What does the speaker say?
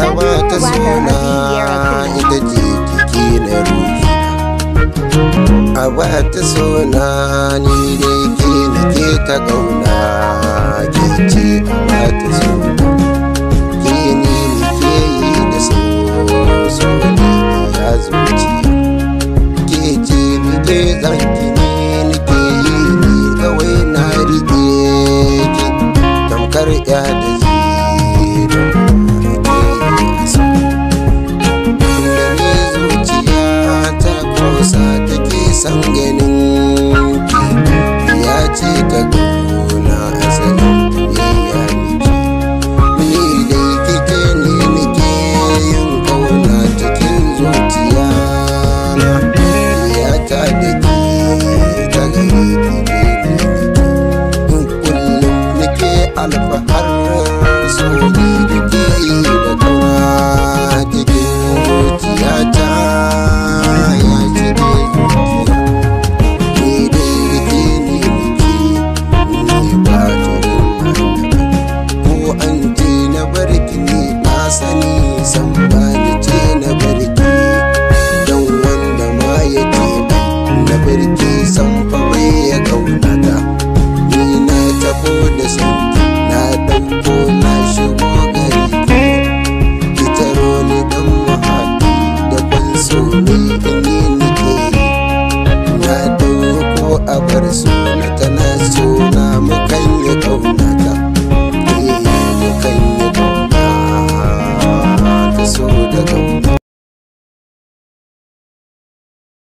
a mata suna ita ce kike na ruhi a wata suna ni da ke na ke ta kauna ke ce a wata suna ke ni ni ke yi da so ne ya zuci ke ce ni ke zanki ne ni ke yi ni kawai na rike ki tamkar ya da zira I'm ganin with